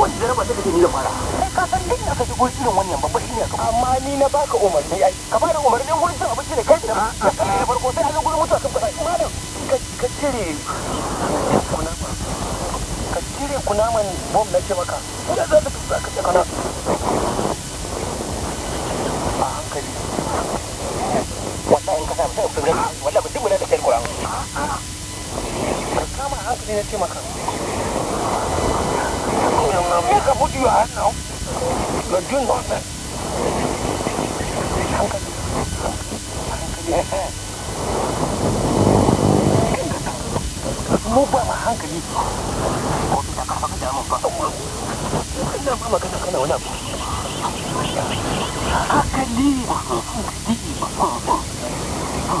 kowace jaraba ta kace ni da fara kai ka san din da ka shigo irin wannan babba shine ka amma ni na baka umarni ai ka bada umarnin gurin cin abinci da kai da ka kai da farko sai ka gurin mutuwa kan fara malam ka ka cire kunama ka cire kunaman bom na ce maka da za ka tuka ka ce kana a hankali wallahi in ka samu sai ka wallahi ba duk da kai kuran ka kama hankali na ce maka Kami akan put you out now. But do not. Kamu buat mahang ke dia? Kau tidak akan pakai jalan membuat tak mulu. Kenapa mama kena kena wadah? Akan dia.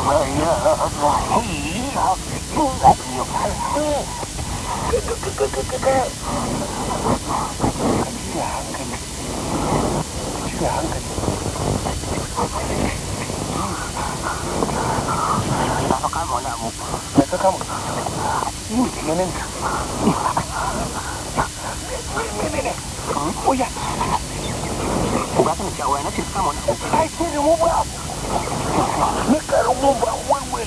Ayah, Allah. Ayah, Allah. Ayah, Allah. Look at him, move out one way.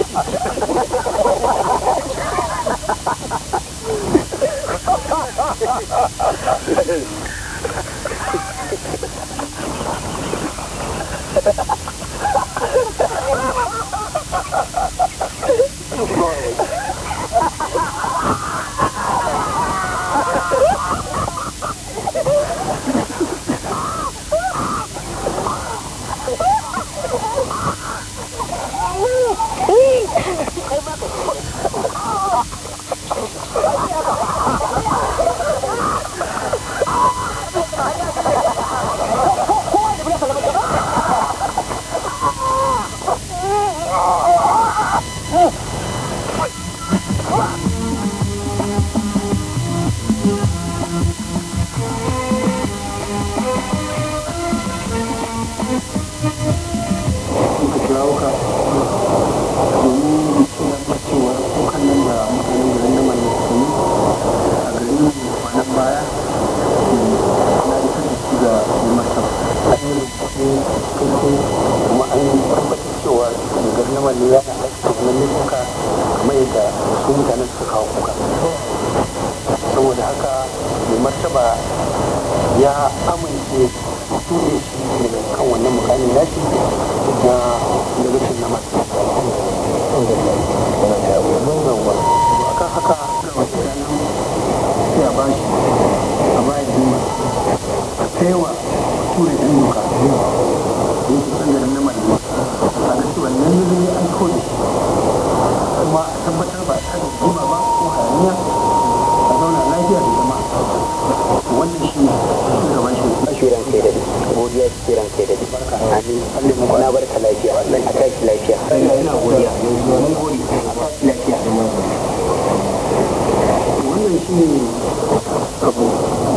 abu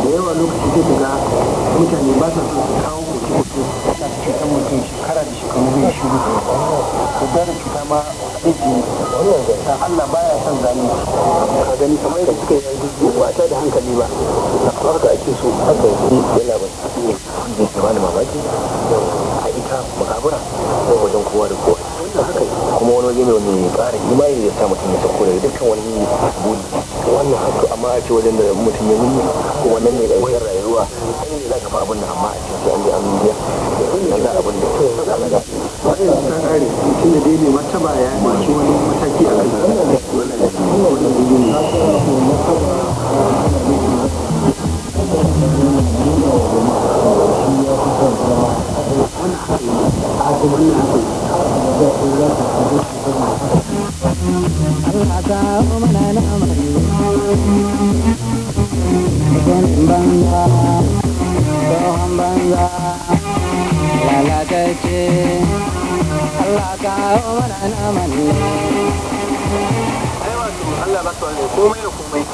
da yawa lokaci zai daga mutane ba sa son su kawo koke koke ta cutar mutum shekara da shekaru zai shiru cuta da cuta ma aiki ta Allah baya son zalunci ka gani kamar yadda suka yi yanzu ba ta da hankali ba haka ake so haka yana ba ne ba mamaki sa makabura ko wajen kowa da kowa wannan haka kuma wani waje ne wani ƙara imani da sa mutum ya sauko daga dukkan wani buri wannan haka amma a ce wajen da mutum ya nuna ko wannan ne da wayar rayuwa an yi za ka fa abin amma a ce sai an je an biya wannan abin da ke zama da wannan san are mutum da dai ne mata ba ya mace wani mataki a kan wannan wannan gudu ne Thank you. Allah ka wa mana na manne. Aiwa su Allah ba su ne kuma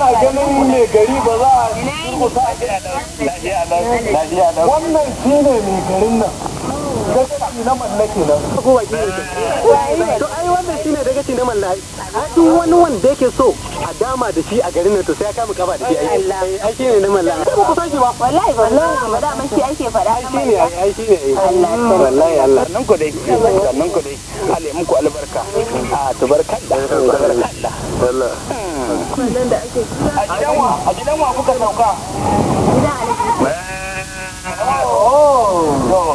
ana ganin mai gari ba za a yi kusa a wannan shi ne mai garin nan dagaci to ai wannan shine duk wani wanda yake so a dama da shi a garin nan to sai ya kama kaba da shi ai ai shine ko ku san shi ba wallahi wallahi ba da man shi ake fada ai shine ai shine eh. wallahi Allah nan ko dai nan ko dai muku albarka a tabarkalla wannan da ake a gidan wa a gidan wa kuka sauka gidan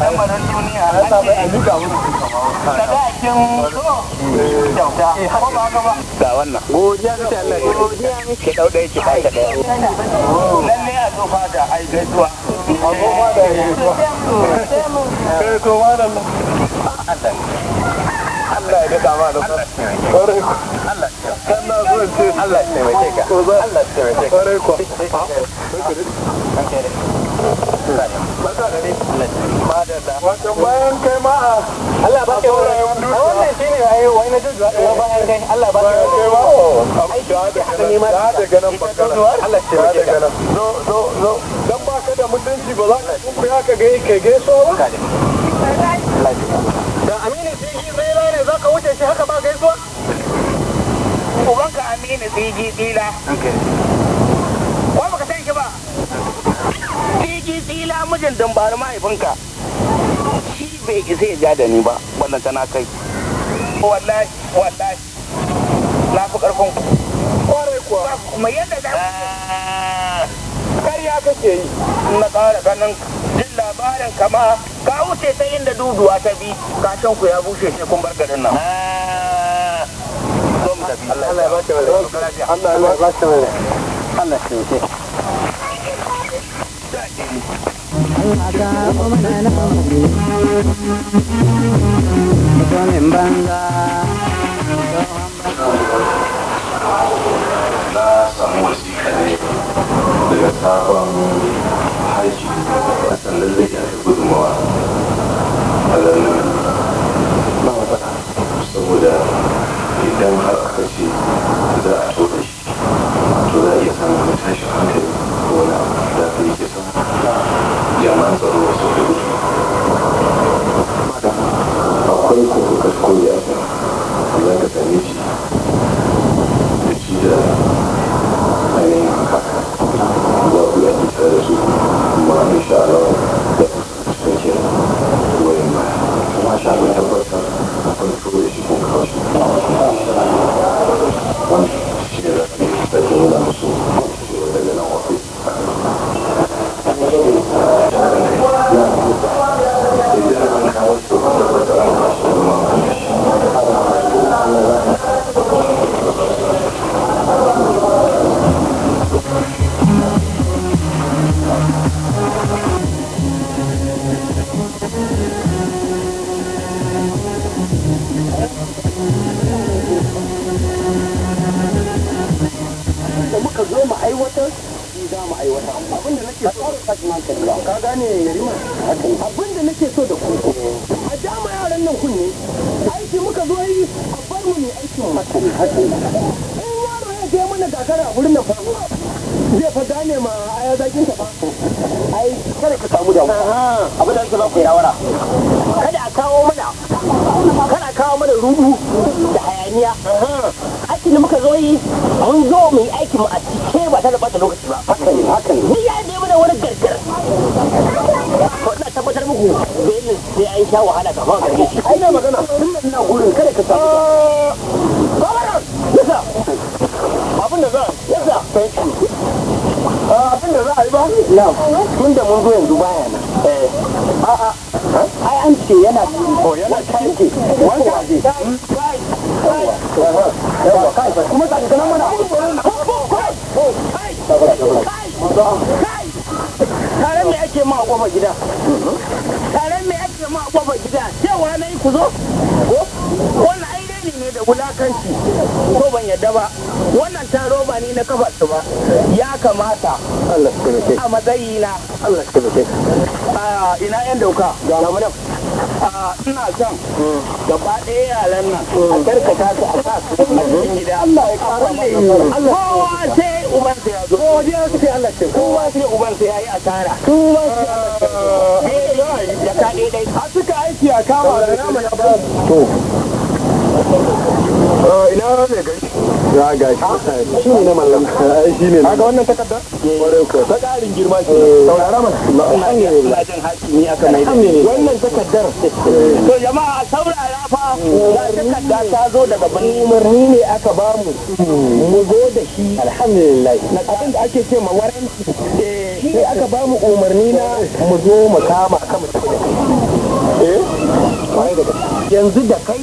lamarin duniya an so kyauta ko ba ba ga wannan godiya ne godiya ke dau lalle a zo ai a zo ai kai ko malam Allah Allah ya ma da ku. Allah Allah ya taimake ka. Allah ya taimake ka. ku. ku. wato bayan kai ma'a Allah ba kai wani wannan shine jujuwa bayan kai Allah ba wani ne Allah ce zo zo zo dan ba ka da mutunci ba za ka kuma ya ka gai kai ba da amini zai ne za ka wuce shi haka ba ubanka amini ila mijin bari mahaifinka shi bai isa ya ja da ni ba wannan tana kai wallahi wallahi na fi karfin kwarai kuwa kuma yadda za ya kake yi na kara ganin jin labarin kama ka wuce ta inda duduwa ta bi kashin ku ya bushe shi kun bar garin nan ah. Allah ya ba ta Allah ya ba ta Allah ya Allah ya mutumin banza na samu wasiƙa daga sabon haji a sannan da idan Hallelujah a dama yaran nan kunne aiki muka zo yi a bar mu ne aikin in yaro ya je mana gagara a wurin nan fa zai fa gane ma a ya zakin ta fa ai kada ka samu da abin da ba ku yi kada a kawo mana kada a kawo mana rubu da hayaniya aikin da muka zo yi mun zo mu yi aikin mu a cike ba ta da bata lokaci ba haka ne haka ne ni ya je mana wani gargar tabbatar muku dole sai an sha wahala kafin a karbe ai na magana tun nan nan gurin kada ka samu yasa ah, abin da za yasa ah, abin da za a yi ba na tun da mun zo yanzu baya na eh. a'a ai an ce yana oh, yana ciki wanda kai, kai, kai, kai, kai, kai kai kai ma a kofar gida taron me ake ma a kofar gida cewa na yi ku zo wannan ai dai ne da wulakanci ko ban yadda ba wannan taro ba ni na kafa su ba ya kamata a matsayina ina yan dauka ga ina son gaba ɗaya yaran nan a karkata su a sa su a cikin gida Allah ya kara mana kowa sai uban sa ya zo kowa sai Allah ce kowa sai uban sa yayi asara kowa sai Allah ce ya ka dai dai a suka aiki a kama da nama ya ba to ina mai gari ya ga shi shi ne na mallam shi ne na wannan takarda eh, ta ƙarin girma ce eh. saurara mana na jin hakimi aka mai wannan takardar eh. to jama'a saurara fa ga takarda ta zo daga birni umarni ne aka ba mu hmm. mu zo da shi alhamdulillah na abin da ake ce ma waranti sai aka ba mu umarni na mu zo mu kama kama yanzu da kai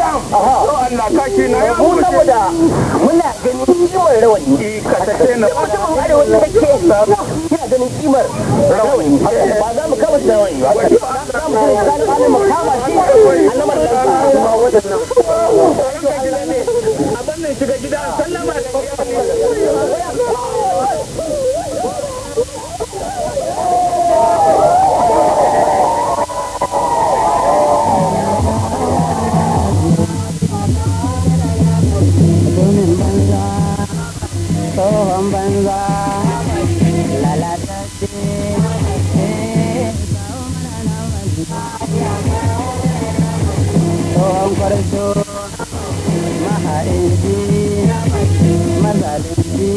dam to Allah kaki na ya mu saboda muna ganin kimar rawani ka tace na mutumin arewa ta ke ina ganin kimar rawani ba za mu kama rawani ba za mu kama shi annabar da ba wadannan ɗan banza lalatacce tsohon kwarto mahaɗin ji mazalinci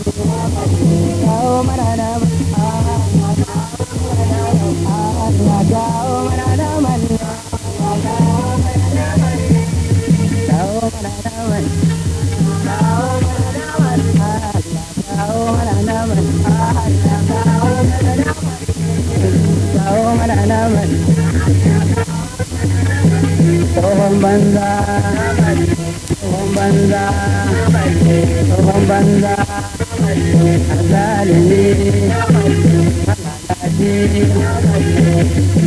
tsohon banza tsohon banza tsohon banza a zalimi a